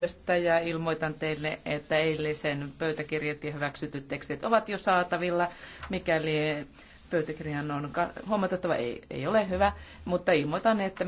tästä ja ilmoitan teille, että eilisen pöytäkirjat ja hyväksytyt tekstit ovat jo saatavilla, mikäli pöytäkirjan on huomatettava, ei, ei ole hyvä, mutta ilmoitan, että